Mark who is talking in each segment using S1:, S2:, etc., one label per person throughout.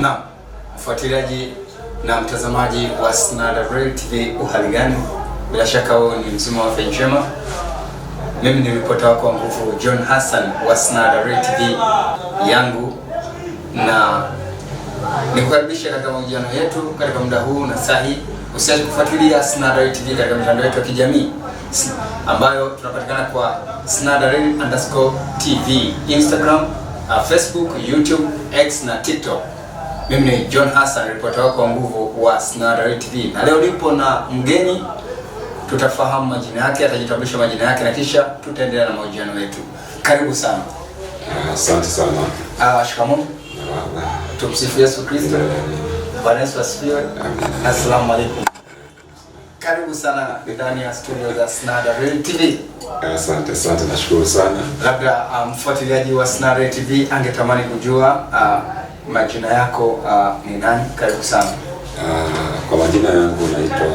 S1: Na mfuatiliaji na mtazamaji wa Snada Real TV, uhali gani? Bila shaka huo ni mzima wa afya njema. Mimi ni ripota wako wa nguvu John Hassan wa Snada Real TV yangu, na nikukaribisha katika mahojiano yetu katika muda huu na saa hii. Usiache kufuatilia Snada Real TV katika mitandao yetu ya kijamii ambayo tunapatikana kwa Snada Real underscore TV Instagram uh, Facebook, YouTube, X na TikTok. Mimi ni John Hassan, ripota wako wa nguvu wa Snada TV, na leo nipo na mgeni, tutafahamu majina yake, atajitambulisha majina yake na kisha tutaendelea na mahojiano yetu. Karibu sana. Asante uh, sana. Ah, uh, shikamoo. Uh, Tumsifu Yesu Kristo. Bwana Yesu asifiwe. Asalamu alaykum. Karibu sana ndani ya studio za Snada Real TV.
S2: Asante asante, nashukuru sana.
S1: Labda uh, mfuatiliaji um, wa Snada Real TV angetamani kujua uh, majina yako uh, ni nani? Karibu sana.
S2: Uh, kwa majina yangu naitwa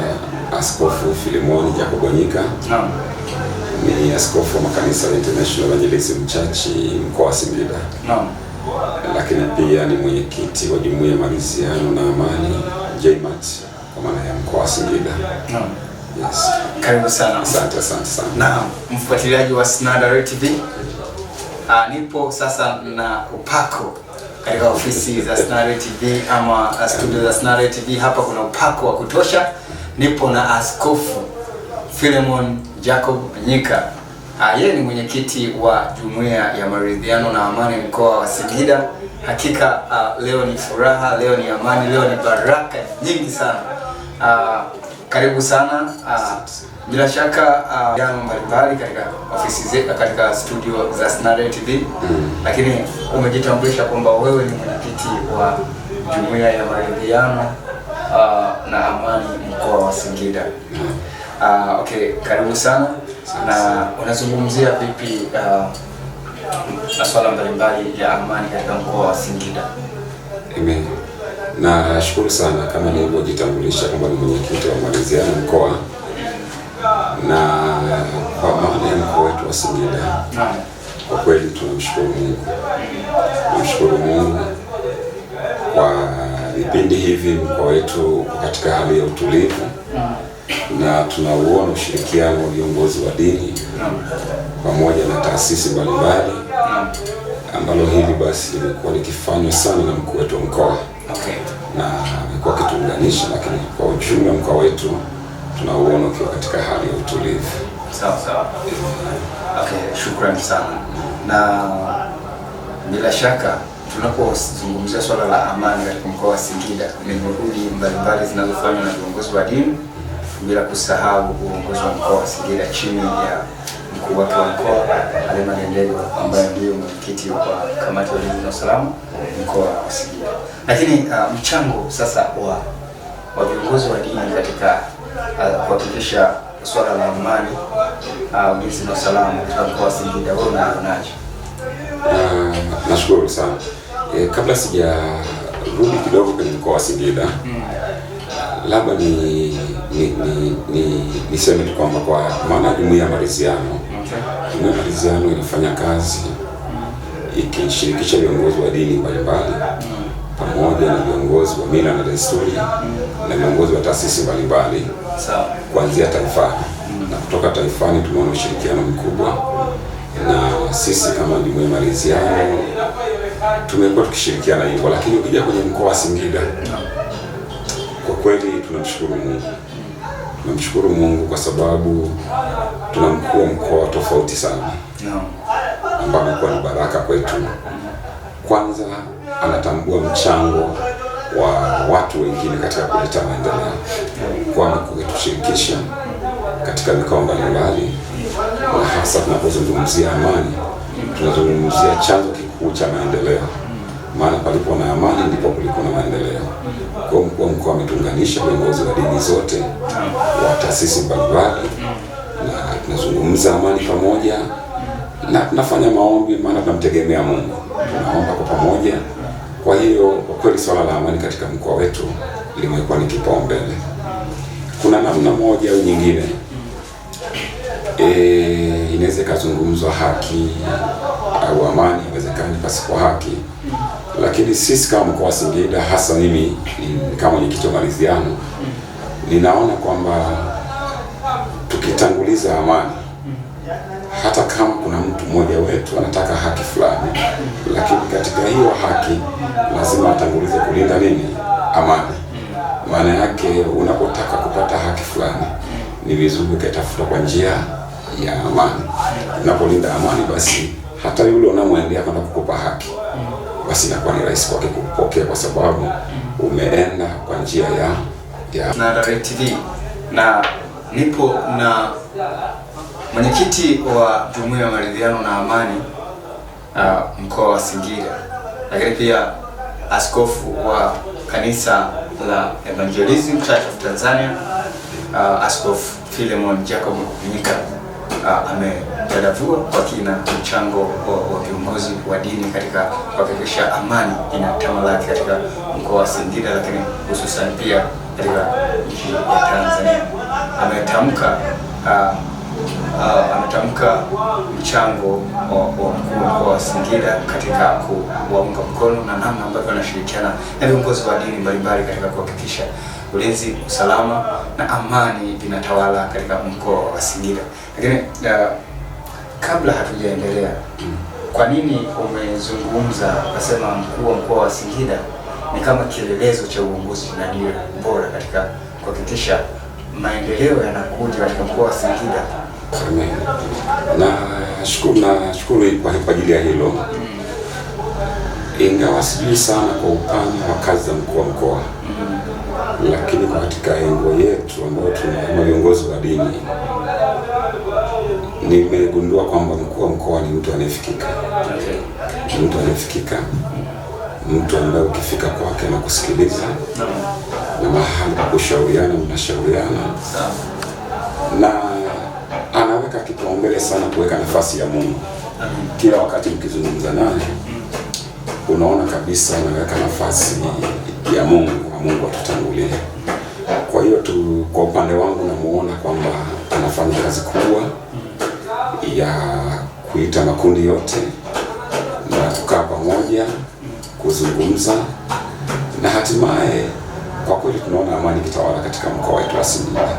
S2: Askofu Filimon Jacobo Nyika. Naam. Ni askofu wa makanisa ya International Evangelism Church mkoa wa Singida. Naam. Lakini pia ni mwenyekiti wa Jumuiya ya Maridhiano na Amani JMAT kwa maana ya mkoa wa Singida. Naam.
S1: Yes. Karibu sana.
S2: Asante sana sana.
S1: Naam, mfuatiliaji wa Snada TV. Ah, nipo sasa na upako katika ofisi za Snada TV ama uh, studio za Snada TV. Hapa kuna upako wa kutosha. Nipo na Askofu Philemon Jacob Nyika. Ah, yeye ni mwenyekiti wa Jumuiya ya Maridhiano na Amani mkoa wa Singida. Hakika uh, leo ni furaha, leo ni amani, leo ni baraka nyingi sana. Uh, karibu sana uh, bila shaka uh, mbalimbali katika ofisi zetu katika studio za Snare TV mm. Lakini umejitambulisha kwamba wewe ni mwenyekiti wa jumuiya ya maridhiano uh, na amani mkoa wa Singida mm. Uh, okay, karibu sana na unazungumzia vipi uh, masuala mbalimbali ya amani katika mkoa wa Singida?
S2: Amen shukuru sana kama nilivyojitambulisha kwamba ni mwenyekiti wa Maliziano mkoa na kwa maana ya mkoa wetu wa Singida, kwa kweli tunamshukuru Mungu, tunamshukuru Mungu kwa vipindi hivi mkoa wetu katika hali ya utulivu na tunauona ushirikiano wa viongozi wa dini pamoja na taasisi mbalimbali ambalo hili basi limekuwa likifanywa sana na mkuu wetu wa mkoa na amekuwa kituunganisha, lakini kwa uchumi wa mkoa wetu tunauona ukiwa katika hali ya utulivu.
S1: Sawa sawa, okay, shukrani sana. Na bila shaka tunapozungumzia swala la amani katika mkoa wa Singida ni juhudi mbalimbali zinazofanywa na viongozi wa dini, bila kusahau uongozi wa mkoa wa Singida chini ya mkuu wetu wa mkoa Halima Gendego ambaye ndiye mwenyekiti wa kamati ya ulinzi na usalama mkoa wa Singida. Lakini uh, mchango sasa wa wa viongozi wa dini katika uh, kuhakikisha swala la amani uh, ulinzi na usalama katika mkoa wa Singida wewe unaonaje?
S2: Uh, nashukuru sana. E, kabla sijarudi kidogo kwenye mkoa wa Singida mm. labda ni niseme ni, ni, ni, ni kwamba kwa maana ya jumuiya ya maridhiano Kristiano inafanya kazi ikishirikisha viongozi wa dini mbalimbali pamoja na viongozi wa mila na desturi na viongozi wa taasisi mbalimbali kuanzia taifani, na kutoka taifani tumeona ushirikiano mkubwa, na sisi kama jumuiya maridhiano tumekuwa tukishirikiana hivyo, lakini ukija kwenye mkoa wa Singida kwa kweli tunamshukuru Mungu. Namshukuru Mungu kwa sababu tuna mkuu wa mkoa tofauti sana ambaye amekuwa ni baraka kwetu. Kwanza anatambua mchango wa watu wengine katika kuleta maendeleo, kwa amekuwa akitushirikisha katika mikoa mbalimbali, na hasa tunapozungumzia amani tunazungumzia chanzo kikuu cha maendeleo maana palipo na amani ndipo kuliko na maendeleo. Kwa mkuu wa mkoa ametuunganisha viongozi wa dini zote wa taasisi mbalimbali, na tunazungumza amani pamoja na tunafanya maombi, maana tunamtegemea Mungu, tunaomba kwa pamoja. Kwa hiyo kwa kweli swala la amani katika mkoa wetu limekuwa ni kipaumbele. Kuna namna moja au nyingine e, inaweza ikazungumzwa haki au amani, haiwezekani pasipo haki lakini sisi kama mkoa wa Singida, hasa mimi kama mwenyekiti wa maridhiano, ninaona kwamba tukitanguliza amani, hata kama kuna mtu mmoja wetu anataka haki fulani, lakini katika hiyo haki lazima atangulize kulinda nini? Amani. Maana yake unapotaka kupata haki fulani, ni vizuri ukaitafuta kwa njia ya amani. Unapolinda amani, basi hata yule unamwendea kwenda kukupa haki basi inakuwa ni rahisi kwake kupokea kwa sababu umeenda kwa njia ya
S1: ya na Darek TV na nipo na mwenyekiti wa jumuiya ya maridhiano na amani uh, mkoa wa Singida, lakini pia askofu wa kanisa la Evangelism Church of Tanzania uh, Askofu Philemon Jacob Nyika uh, ame tutadavua kwa kina mchango wa viongozi wa dini katika kuhakikisha amani inatamalaki katika mkoa wa Singida, lakini hususan pia katika nchi ya Tanzania. Ametamka uh, Uh, ametamka mchango wa mkuu wa mkoa wa Singida katika kuwaunga mkono na namna ambavyo anashirikiana na viongozi wa dini mbalimbali katika kuhakikisha ulinzi, usalama na amani vinatawala katika mkoa wa Singida, lakini uh, kabla hatujaendelea, kwa nini umezungumza ukasema mkuu wa mkoa wa Singida ni kama kielelezo cha uongozi na dira bora katika kuhakikisha maendeleo yanakuja katika mkoa wa Singida?
S2: Nashukuru kwa ajili ya hilo mm. Ingawa sijui sana kwa upana wa kazi za mkuu wa mkoa mm-hmm. Lakini katika engo yetu ambayo tuna viongozi wa dini nimegundua kwamba mkuu wa mkoa ni mtu anayefikika, mtu anayefikika, mtu ambaye ukifika kwake na kusikiliza na mahali pa kushauriana, mnashauriana na anaweka kipaumbele sana kuweka nafasi ya Mungu. Kila wakati mkizungumza naye, unaona kabisa anaweka nafasi ya Mungu na Mungu atutangulie. Kwa hiyo tu, kwa upande wangu namuona kwamba anafanya kazi kubwa ya kuita makundi yote na tukaa pamoja kuzungumza na hatimaye kwa kweli tunaona amani kitawala katika mkoa wetu wa Singida,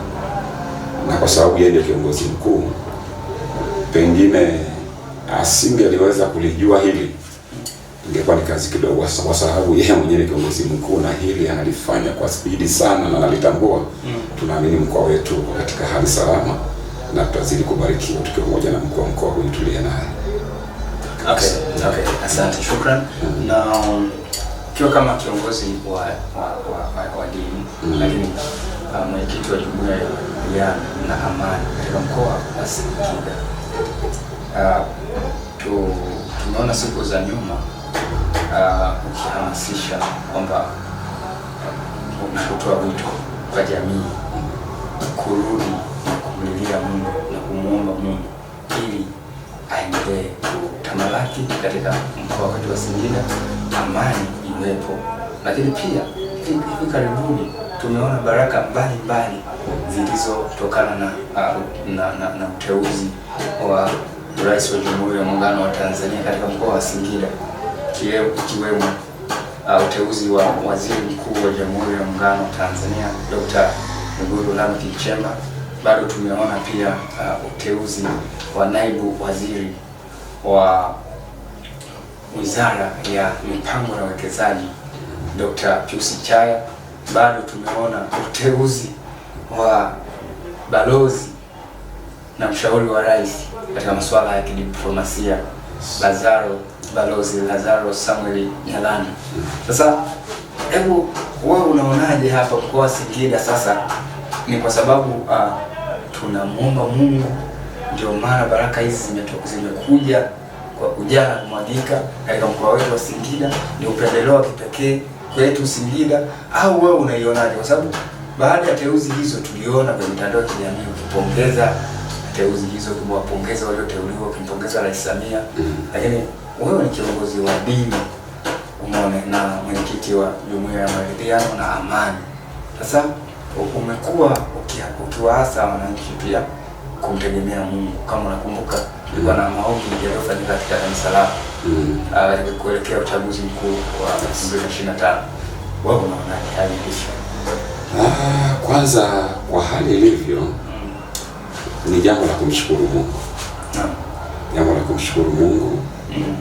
S2: na kwa sababu yeye ndio kiongozi mkuu, pengine asinge aliweza kulijua hili, ingekuwa ni kazi kidogo, kwa sababu yeye mwenyewe kiongozi mkuu na hili analifanya kwa spidi sana na analitambua. Mm. Tunaamini mkoa wetu katika hali salama na tutazidi kubarikiwa tukiwa pamoja na mkuu wa mkoa huyu naye.
S1: Okay, okay. Asante, shukran. Mm-hmm. Na um, kiwa kama kiongozi wa wa wa, wa dini mm. lakini uh, mwenyekiti um, wa jumuiya ya vijana na amani katika mkoa wa Singida. Uh, tu tumeona siku za nyuma uh, ukihamasisha kwamba uh, kutoa wito kwa jamii kurudi ya Mungu na kumuomba Mungu ili aendelee kutamalaki katika mkoa wakati wa Singida, amani iwepo. Lakini pia hivi karibuni tumeona baraka mbalimbali zilizotokana na, na, na, na uteuzi wa Rais wa Jamhuri ya Muungano wa Tanzania katika mkoa wa Singida ikiwemo uh, uteuzi wa Waziri Mkuu wa Jamhuri ya Muungano wa Tanzania Dr. Mwigulu Lameck Nchemba bado tumeona pia uh, uteuzi wa naibu waziri wa Wizara ya Mipango na Uwekezaji Dr. Pius Chaya, bado tumeona uteuzi wa balozi na mshauri wa rais katika masuala ya kidiplomasia Lazaro Balozi Lazaro Samuel Nyalani. Sasa hebu wewe unaonaje hapa mkoa wa Singida? Sasa ni kwa sababu uh, tunamwomba Mungu. Ndio maana baraka hizi zimekuja kwa kujaa kumwagika katika mkoa wetu wa Singida. Ni upendeleo wa kipekee kwetu Singida, au wewe unaionaje? Kwa sababu baada ya teuzi hizo tuliona kwenye mitandao ya kijamii ukipongeza teuzi hizo, ukiwapongeza walioteuliwa, ukimpongeza Rais Samia, mm. lakini wewe ni kiongozi wa dini umeona na mwenyekiti wa Jumuiya ya Maridhiano na Amani sasa umekuwa ukiwaasa wananchi pia kumtegemea Mungu. Kama unakumbuka kulikuwa na maombi yaliyofanyika katika kanisa lako mm. uh, kuelekea uchaguzi mkuu wa 2025 wewe unaonaje hali hiyo?
S2: Ah, kwanza kwa hali ilivyo mm. ni jambo la kumshukuru Mungu mm. jambo la kumshukuru Mungu mm.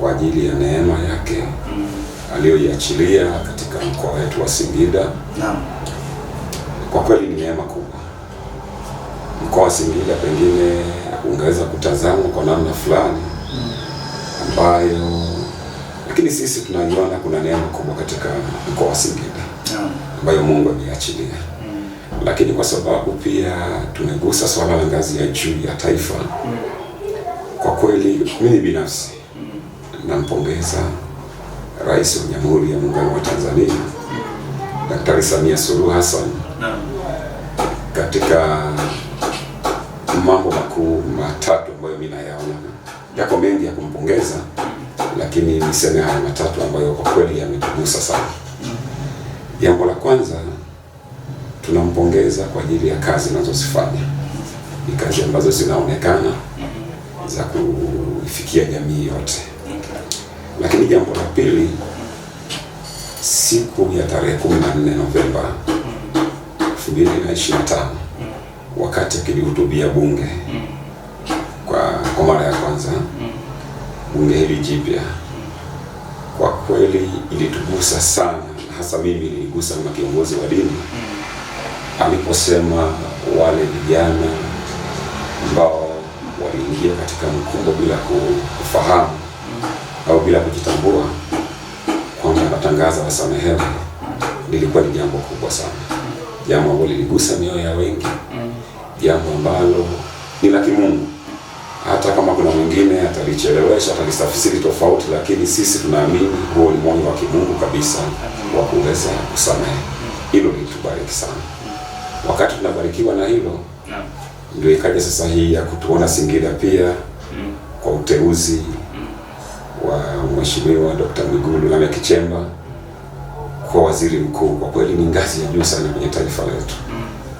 S2: kwa ajili ya neema yake mm. aliyoiachilia katika mkoa wetu wa Singida mm kwa kweli ni neema kubwa. Mkoa wa Singida pengine ungeweza kutazama kwa namna fulani ambayo, lakini sisi tunaiona kuna neema kubwa katika mkoa wa Singida ambayo Mungu ameachilia, lakini kwa sababu pia tumegusa swala la ngazi ya juu ya taifa, kwa kweli mimi binafsi nampongeza Rais wa Jamhuri ya Muungano wa Tanzania Daktari Samia Suluhu Hassan katika mambo makuu matatu ambayo mimi nayaona, yako mengi ya kumpongeza, lakini niseme haya matatu ambayo kwa kweli yametugusa sana. Jambo la kwanza tunampongeza kwa ajili ya kazi anazozifanya, ni kazi ambazo zinaonekana za kuifikia jamii yote. Lakini jambo la pili, siku ya tarehe 14 Novemba elfu mbili na ishirini na tano wakati akilihutubia bunge kwa kwa mara ya kwanza, bunge hili jipya, kwa kweli ilitugusa sana, hasa mimi niligusa kama kiongozi wa dini aliposema wale vijana ambao waliingia katika mkumbo bila kufahamu au bila kujitambua kwamba anatangaza wasamehewa, lilikuwa ni jambo kubwa sana jambo ambalo liligusa mioyo ya wengi, mm. jambo ambalo ni la kimungu. Hata kama kuna mwingine atalichelewesha, atalitafsiri tofauti, lakini sisi tunaamini huo ni moyo wa kimungu kabisa wa kuweza kusamehe. Mm. Hilo lilitubariki sana. Mm. Wakati tunabarikiwa na hilo, ndio ikaja sasa hii ya kutuona Singida pia kwa uteuzi wa Mheshimiwa Dr. Mwigulu Nchemba kwa waziri mkuu, kwa kweli ni ngazi ya juu sana kwenye taifa letu.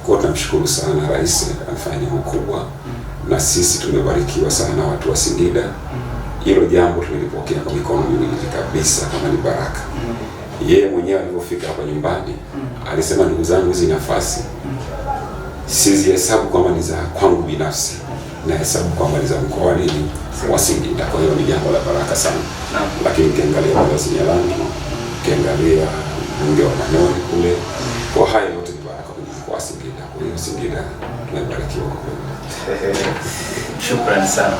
S2: Kwa tunamshukuru sana rais, amefanya jambo kubwa, na sisi tumebarikiwa sana watu wa Singida. Hilo jambo tumelipokea kwa mikono miwili kabisa, kama ni baraka. Yeye mwenyewe alipofika hapa nyumbani alisema, ndugu zangu, hizi nafasi sizihesabu kwamba ni za kwangu binafsi na hesabu kwamba ni za mkoa nini wa Singida. Kwa hiyo ni jambo la baraka sana, lakini ukiangalia Mdasinyalangi ukiangalia mbunge wa Manoni kule. Kwa haya yote ni baraka kwa mkoa Singida. Kwa hiyo Singida tumebarikiwa kwa kweli.
S1: Shukrani sana.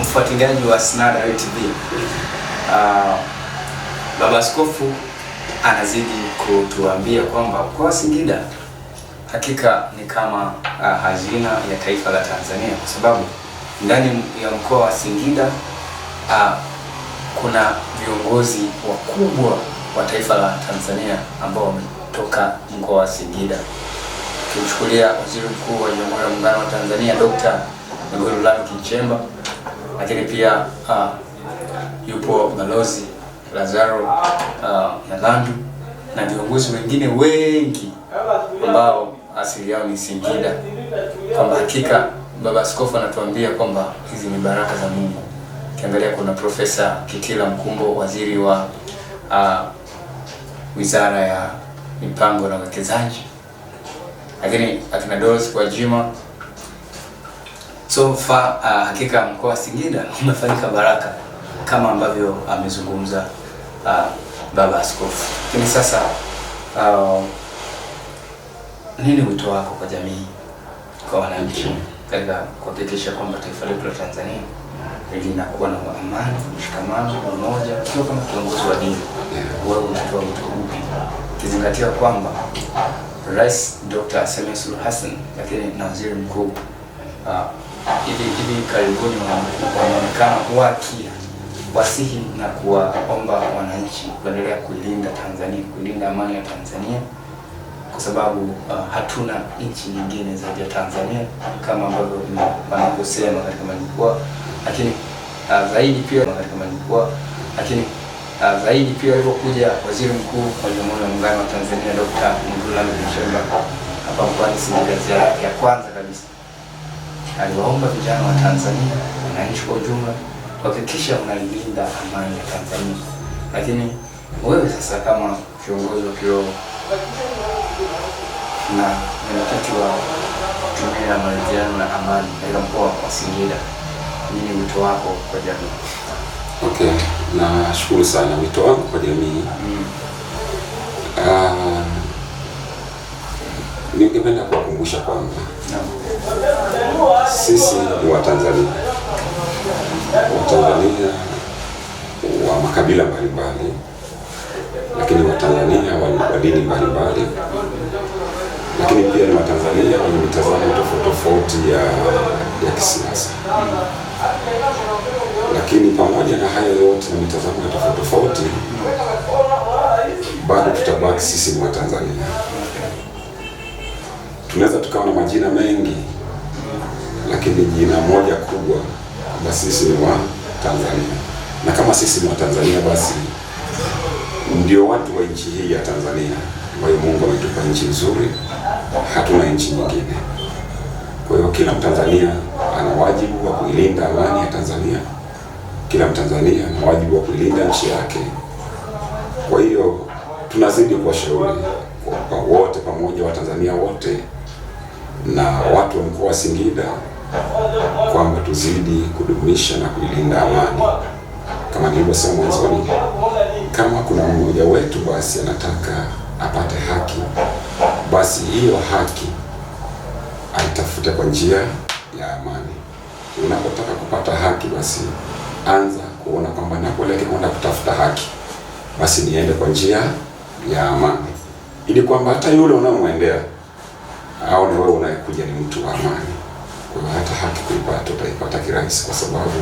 S1: Mfuatiliaji wa Snada TV. Uh, ah, Baba Askofu anazidi kutuambia kwamba kwa Singida hakika ni kama uh, hazina ya taifa la Tanzania kwa sababu ndani ya mkoa wa Singida uh, kuna viongozi wakubwa wa taifa la Tanzania ambao wametoka mkoa wa Singida. Kimchukulia Waziri Mkuu wa Jamhuri ya Muungano wa Tanzania Dr. Mwigulu Lameck Nchemba, lakini pia uh, yupo Balozi Lazaro uh, na viongozi wengine wengi ambao asili yao ni Singida, kwamba hakika Baba Askofu anatuambia kwamba hizi ni baraka za Mungu. Ukiangalia kuna Profesa Kitila Mkumbo, waziri wa uh, Wizara ya Mipango na Uwekezaji, lakini akina Doris Gwajima. So far uh, hakika mkoa wa Singida umefanyika baraka kama ambavyo amezungumza uh, baba askofu. Lakini sasa uh, nini wito wako kwa jamii, kwa wananchi katika kuhakikisha kwamba taifa letu la Tanzania linakuwa na amani, mshikamano umoja? Ukiwa kama kiongozi wa dini, wewe unatoa ikizingatiwa kwamba Rais Dr. Samia Suluhu Hassan lakini na waziri mkuu uh, hivi uh, karibuni wanaonekana kia wasihi na kuwaomba wananchi kuendelea kuilinda Tanzania, kuilinda amani ya Tanzania kwa sababu uh, hatuna nchi nyingine zaidi ya Tanzania kama ambavyo wanavyosema katika majukwaa, lakini uh, zaidi pia katika majukwaa lakini Uh, zaidi pia alipokuja Waziri Mkuu wa Jamhuri ya Muungano wa Tanzania Dr. Mwigulu Lameck Nchemba hapa mkoani Singida, ziara ya kwanza kabisa aliwaomba vijana wa Tanzania, nchi kwa ujumla, kuhakikisha mnalinda amani ya Tanzania. Lakini wewe sasa kama kiongozi wa kiroho na mwenyekiti wa Tume ya Maridhiano na Amani katika mkoa wa Singida, nini wito wako kwa jamii? Okay shukuru sana wito wangu kwa jamii mm. Uh, ningependa kuwakumbusha kwamba Sisi ni Watanzania, Watanzania wa makabila mbalimbali, lakini Watanzania wa dini mbalimbali, lakini pia ni Watanzania wenye mitazamo tofauti tofauti ya, ya kisiasa mm. Lakini pamoja na hayo yote na mitazamo ya tofauti tofauti, bado tutabaki sisi ni Watanzania. Tunaweza tukawa na majina mengi, lakini jina moja kubwa kwamba sisi ni Watanzania, na kama sisi ni Watanzania basi ndio watu wa nchi hii ya Tanzania hiyo Mungu ametupa nchi nzuri, hatuna nchi nyingine. Kwa hiyo kila Mtanzania ana wajibu wa kuilinda amani ya Tanzania kila Mtanzania na wajibu wa kulinda nchi yake. Kwa hiyo tunazidi kuwashauri kwa wote pamoja, Watanzania wote na watu wa mkoa wa Singida kwamba tuzidi kudumisha na kuilinda amani. Kama nilivyosema mwanzoni, kama kuna mmoja wetu basi anataka apate haki, basi hiyo haki aitafute kwa njia ya amani. Unapotaka kupata haki basi anza kuona kwamba napoleke kwenda kutafuta haki, basi niende kwa njia ya amani, ili kwamba hata yule au ni wewe unayekuja ni mtu wa amani. Kwa hiyo hata haki kuipata utaipata kirahisi, kwa sababu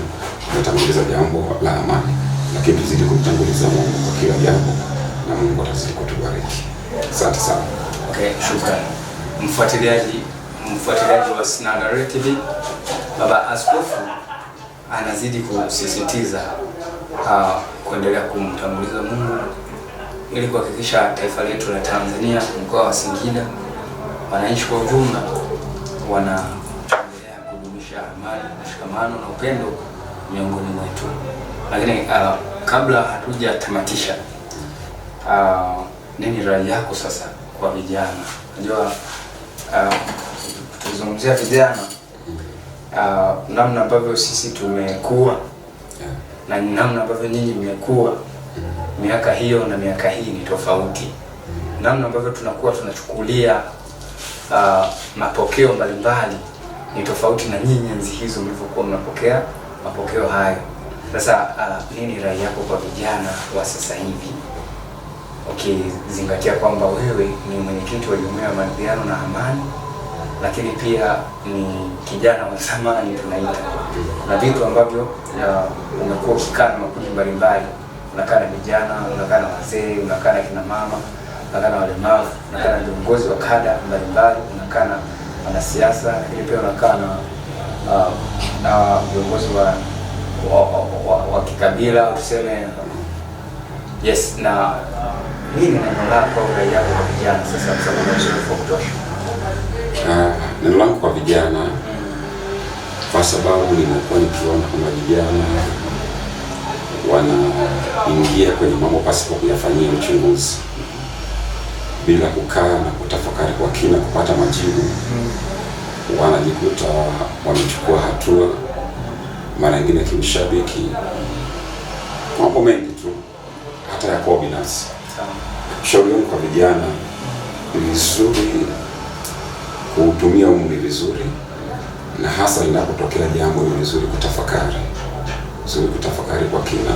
S1: umetanguliza jambo la amani. Lakini tuzidi kumtanguliza Mungu kwa kila jambo, na Mungu atazidi kutubariki. Asante sana. Okay, shukrani mfuatiliaji mfuatiliaji wa Sinada TV, Baba Askofu anazidi kusisitiza uh, kuendelea kumtambuliza Mungu ili kuhakikisha taifa letu la Tanzania, mkoa wa Singida, wananchi kwa ujumla wanaendelea kudumisha amani, mshikamano na upendo miongoni mwetu. Lakini uh, kabla hatujatamatisha uh, nini rai yako sasa kwa vijana? Unajua uh, tukizungumzia vijana uh, namna ambavyo sisi tumekuwa na namna ambavyo nyinyi mmekuwa miaka hiyo na miaka hii ni tofauti. Namna ambavyo tunakuwa tunachukulia uh, mapokeo mbalimbali ni tofauti na nyinyi enzi hizo mlivyokuwa mnapokea mapokeo hayo. Sasa uh, nini rai yako kwa vijana wa sasa hivi ukizingatia okay, kwamba wewe ni mwenyekiti wa Jumuiya ya Maridhiano na Amani lakini pia ni kijana wa zamani tunaita, na vitu ambavyo umekuwa ukikaa na makundi mbalimbali, unakaa na vijana, unakaa na wazee, unakaa na kina mama, unakaa na walemavu, unakaa na viongozi wa kada mbalimbali, unakaa na wanasiasa, lakini pia unakaa na uh, na viongozi wa wa, wa, wa, wa kikabila tuseme, yes, na nini uh, neno lako au rai yako kwa vijana sasa, kwa sababu ya uzoefu wa kutosha? Uh, neno langu kwa vijana, kwa sababu nimekuwa nikiona kwamba vijana wanaingia kwenye mambo pasipo kuyafanyia uchunguzi, bila kukaa na kutafakari kwa kina kupata majibu, wanajikuta wamechukua hatua, mara nyingine kimshabiki, mambo mengi tu, hata ya kwao binafsi. Shauri yangu kwa vijana ni vizuri kuutumia umri vizuri, na hasa linapotokea jambo ni vizuri kutafakari, vizuri kutafakari kwa kina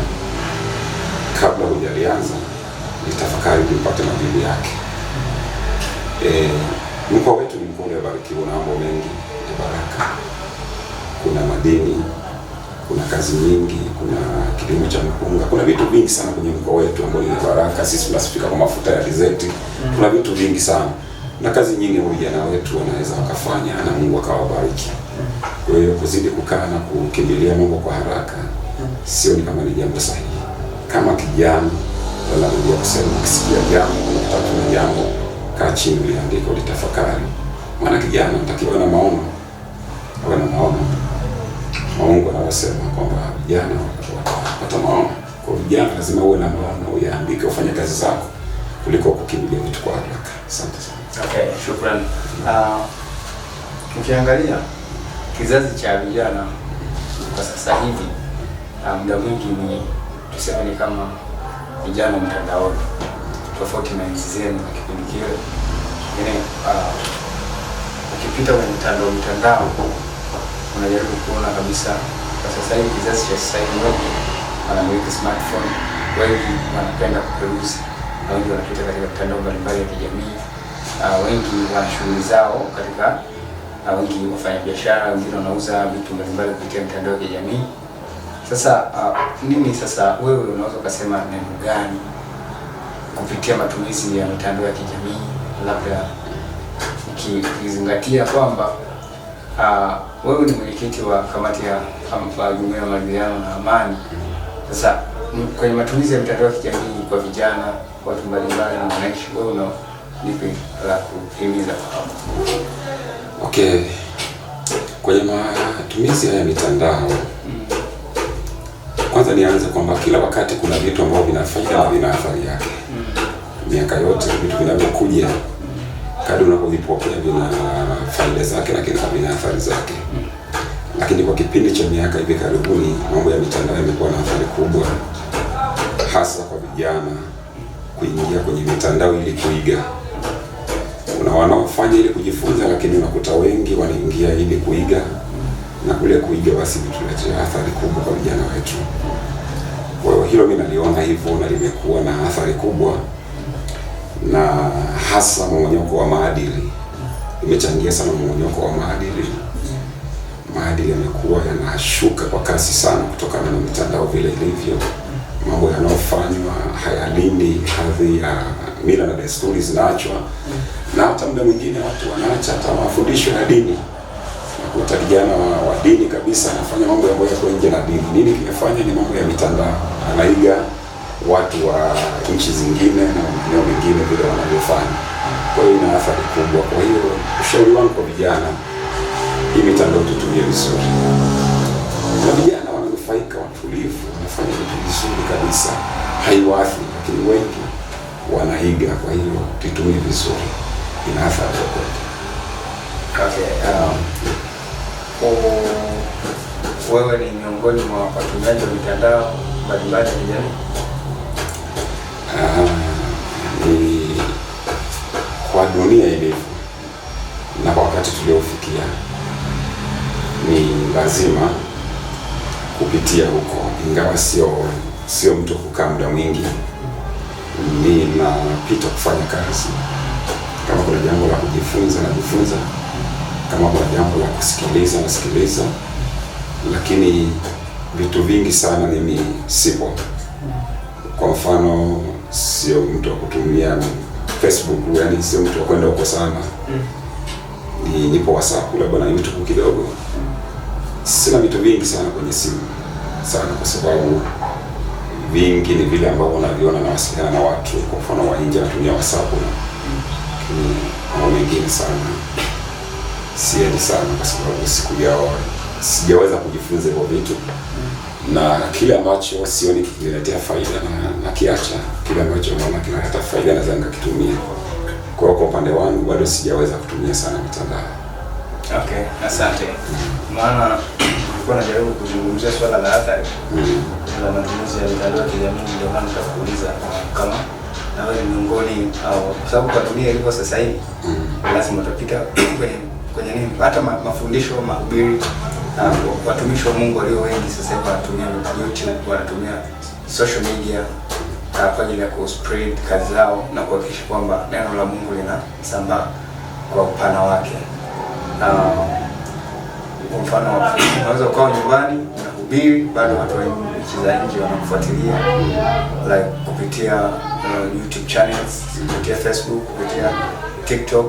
S1: kabla hujalianza, litafakari mpate majibu yake. E, mkoa wetu ni mkoa uliobarikiwa na mambo mengi ya baraka. Kuna madini, kuna kazi nyingi, kuna kilimo cha mpunga, kuna vitu vingi sana kwenye mkoa wetu ambao ni baraka. Sisi tunasifika kwa mafuta ya alizeti, kuna vitu vingi sana na kazi nyingi vijana wetu wanaweza wakafanya na Mungu akawabariki. Kwa hiyo kuzidi kukaa na kukimbilia Mungu kwa haraka sio ni kama ni jambo sahihi. Kama kijana wala ndio kusema, ukisikia jambo unataka kufanya jambo, kaa chini, uliandika, ulitafakari. Maana kijana mtakiwa na maono, awe na maono. Mungu anasema kwamba vijana watapata maono. Kwa vijana lazima uwe na maono, uyaandike, ufanye kazi zako kuliko kukimbilia vitu kwa haraka. Asante sana. Okay, shukrani. Uh, ukiangalia kizazi cha vijana kwa sasa hivi uh, muda um, mwingi ni tuseme ni kama vijana mtandaoni, tofauti na enzi zenu na kipindi kile kingine. Uh, ukipita kwenye mtandao mtandao, unajaribu kuona kabisa kwa sasa hivi kizazi cha sasa hivi wengi wanamiliki smartphone, wengi wanapenda kuperuzi na wengi wanapita katika mitandao mbalimbali ya kijamii uh, wengi wana shughuli zao katika uh, wengi wafanya biashara, wengine wanauza vitu mbalimbali kupitia mitandao ya kijamii. Sasa uh, nini sasa wewe unaweza ukasema neno gani kupitia matumizi ya mitandao ya kijamii, labda ukizingatia kwamba uh, wewe ni mwenyekiti wa kamati ya jumuiya ya maridhiano na amani. Sasa kwenye matumizi ya mitandao ya kijamii kwa vijana, watu mbalimbali na wananchi, wewe nipe la kuhimiza. Okay, kwenye matumizi haya mitandao Kwanza nianze kwamba kila wakati kuna vitu ambavyo vina faida na vina athari yake Miaka yote vitu vinavyokuja kadri unavyovipokea vina faida zake, lakini vina athari zake Lakini kwa kipindi cha miaka hivi karibuni mambo ya mitandao yamekuwa na athari kubwa, hasa kwa vijana kuingia kwenye mitandao ili kuiga kuna wanaofanya ili kujifunza, lakini unakuta wengi wanaingia ili kuiga, na kule kuiga basi kutuletea athari kubwa kwa vijana wetu. Kwa hiyo hilo mimi naliona hivyo na limekuwa na athari kubwa, na hasa mmonyoko wa maadili imechangia sana mmonyoko wa maadili. Maadili yamekuwa yanashuka kwa kasi sana kutokana na mitandao vile ilivyo. Mambo yanayofanywa hayalindi hadhi ya mila na desturi zinaachwa na hata muda mwingine watu wanaacha hata mafundisho ya dini. Nakuta kijana wa, wa dini kabisa anafanya mambo ambayo yako nje na dini. Nini kimefanya? Ni mambo ya mitandao, anaiga watu wa nchi zingine na maeneo mengine vile wanavyofanya. Kwa hiyo ina athari kubwa. Kwa hiyo ushauri wangu kwa vijana, hii mitandao tutumie vizuri, na vijana wanafaika, watulivu, wanafanya vitu vizuri kabisa, haiwathi, lakini wengi wanaiga. Kwa hiyo tuitumie vizuri you know, Okay, um, u wewe ni miongoni mwa watumiaji wa mitandao mbalimbali ya kijamii? Ah, ni kwa dunia ilivyo na kwa wakati tuliofikia, ni lazima kupitia huko, ingawa sio sio mtu kukaa muda mwingi, ninapita kufanya kazi kama kuna jambo la kujifunza najifunza, kama kuna jambo la kusikiliza nasikiliza, lakini vitu vingi sana mimi sipo. Kwa mfano, sio mtu wa kutumia Facebook, yani sio mtu wa kwenda huko sana, ni nipo WhatsApp labda na YouTube kidogo. Sina vitu vingi sana kwenye simu sana, kwa sababu vingi ni vile ambavyo naviona, nawasiliana na watu. Kwa mfano, wa nje WhatsApp maono mengine sana siendi sana, kwa sababu sikujaoa, sijaweza kujifunza hivyo vitu na kile ambacho sioni kikiletea faida na kiacha, kile ambacho naona kinaleta faida naweza nikakitumia. Kwa hiyo kwa upande wangu bado sijaweza kutumia sana mitandao. Okay, asante. Maana nilikuwa najaribu kuzungumzia swala la athari mm. la matumizi ya mitandao ya kijamii, ndio maana nikakuuliza kama na wewe miongoni au ah, kwa sababu kwa dunia ilivyo sasa hivi mm. lazima utapita kwenye kwenye nini, hata mafundisho mahubiri. Watumishi wa Mungu walio wengi sasa hivi wanatumia YouTube, wanatumia social media ah, kwa ajili ya kuspread kazi zao na kuhakikisha kwamba neno la Mungu linasambaa kwa upana wake. Ah, kwa mfano, unaweza ukawa nyumbani unahubiri bado watu wengi za nje wanamfuatilia like kupitia uh, YouTube channels, kupitia Facebook, kupitia TikTok,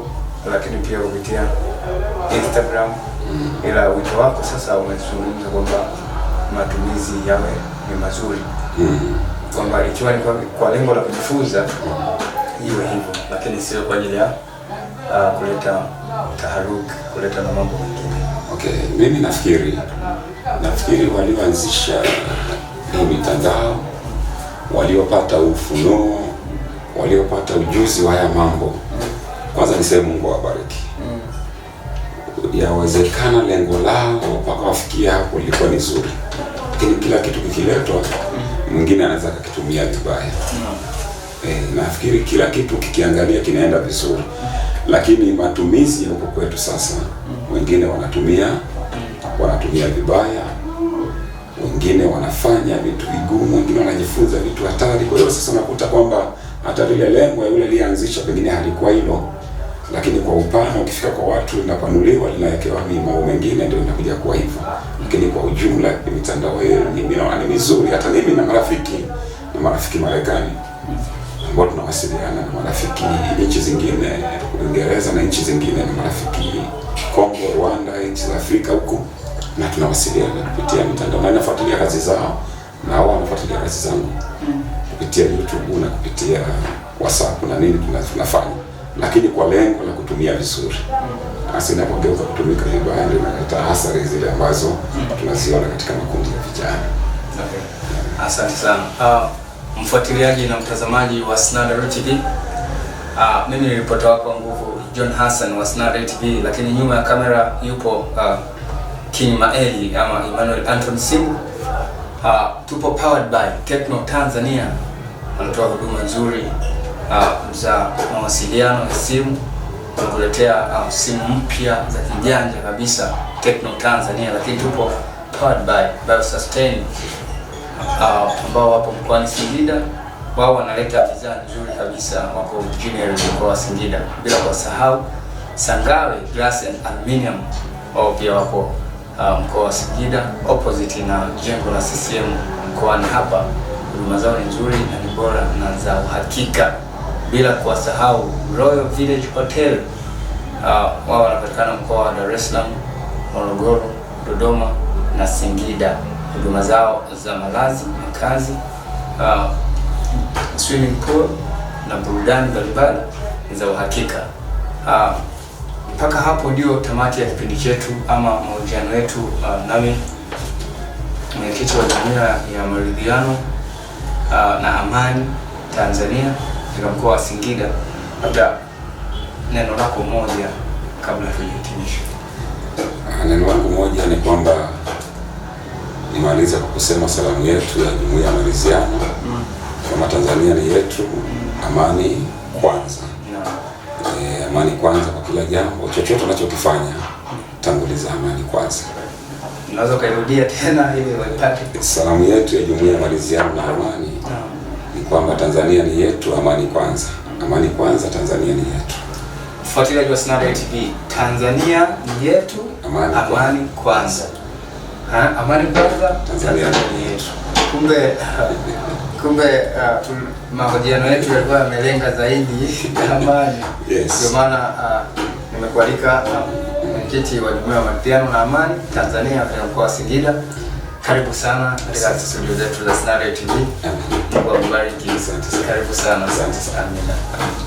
S1: lakini pia kupitia Instagram. Mm. Ila wito wako sasa umezungumza kwamba matumizi yawe ni mazuri, mm. kwamba ikiwa ni kwa lengo la kujifunza mm. iwe hivyo, lakini sio kwa ajili ya Uh, kuleta taharuki, kuleta na mambo mengine. Okay, mimi nafikiri nafikiri walioanzisha mu mitandao, waliopata ufunuo, waliopata ujuzi wa haya mambo, kwanza niseme Mungu awabariki. Yawezekana lengo lao mpaka wafikia hapo lilikuwa ni zuri, lakini kila kitu kikiletwa, mwingine anaweza kakitumia vibaya. E, nafikiri kila kitu kikiangalia kinaenda vizuri, lakini matumizi yako kwetu sasa, mm-hmm. wengine wanatumia mm-hmm. wanatumia vibaya wengine wanafanya vitu vigumu, wengine wanajifunza vitu hatari. Kwa hiyo sasa unakuta kwamba hata lile lengo yule aliyeanzisha pengine halikuwa hilo, lakini kwa upana ukifika kwa watu linapanuliwa, linawekewa mambo mengine, ndio inakuja kuwa hivyo. Lakini kwa ujumla mitandao hiyo ni mizuri. Hata mimi na marafiki na marafiki Marekani ambao tunawasiliana na marafiki nchi zingine, Uingereza na nchi zingine, na marafiki Kongo, Rwanda, nchi za Afrika huko na tunawasiliana kupitia mitandao na nafuatilia kazi zao na wao wanafuatilia kazi zangu kupitia YouTube na kupitia WhatsApp na nini tunafanya, lakini kwa lengo la kutumia vizuri, hasa inapogeuka kutumika vibaya ndio inaleta athari zile ambazo tunaziona katika makundi ya vijana. Asante sana uh, mfuatiliaji na mtazamaji wa Snadareal TV. Uh, ah, mimi ni ripota wako nguvu John Hassan wa Snadareal TV, lakini nyuma ya kamera yupo uh, King Maeli ama Emmanuel Anton Simbu. Uh, tupo powered by Techno Tanzania, anatoa huduma nzuri uh, za mawasiliano ya simu, anakuletea uh, ah, simu mpya za kijanja kabisa Techno Tanzania, lakini tupo powered by Sustain uh, ambao wapo mkoani Singida. Wao wanaleta bidhaa nzuri kabisa, wako engineers mkoa wa Singida, bila kuwasahau Sangawe Glass and Aluminium, wao pia wapo Uh, mkoa wa Singida opposite na jengo la CCM mkoani hapa. Huduma zao ni nzuri na ni bora na za uhakika, bila kuwasahau Royal Village Hotel. Uh, wao wanapatikana mkoa wa Dar es Salaam, Morogoro, Dodoma na Singida. Huduma zao za malazi, makazi, uh, swimming pool na burudani mbalimbali ni za uhakika uh, mpaka hapo ndio tamati ya kipindi chetu ama mahojiano yetu uh, nami mwenyekiti wa Jumuiya ya Maridhiano uh, na Amani Tanzania katika mkoa wa Singida, labda neno lako moja kabla tujahitimisha. Uh, neno langu moja ni kwamba nimaliza kwa kusema salamu yetu ya Jumuiya ya Maridhiano, mama mm. Tanzania ni yetu, mm. amani kwanza amani kwanza kwa kila jambo, chochote unachokifanya tanguliza amani kwanza. Unaweza kurudia tena ili waipate. Salamu yetu ya jumuiya ya maridhiano na amani ni kwamba Tanzania ni yetu, amani kwanza, amani kwanza, Tanzania ni yetu. Mfuatiliaji wa Snada TV, Tanzania ni yetu, amani, amani kwanza, ha, amani kwanza, Tanzania, Tanzania ni yetu. Kumbe Kumbe uh, mahojiano yetu yalikuwa yamelenga zaidi amani. Yes. Ndio maana uh, nimekualika uh, mwenyekiti wa Jumuiya ya Maridhiano na Amani Tanzania ya mkoa wa Singida. Karibu sana katika studio zetu za Snare TV. Mungu akubariki. Karibu sana. Asante sana. Amina.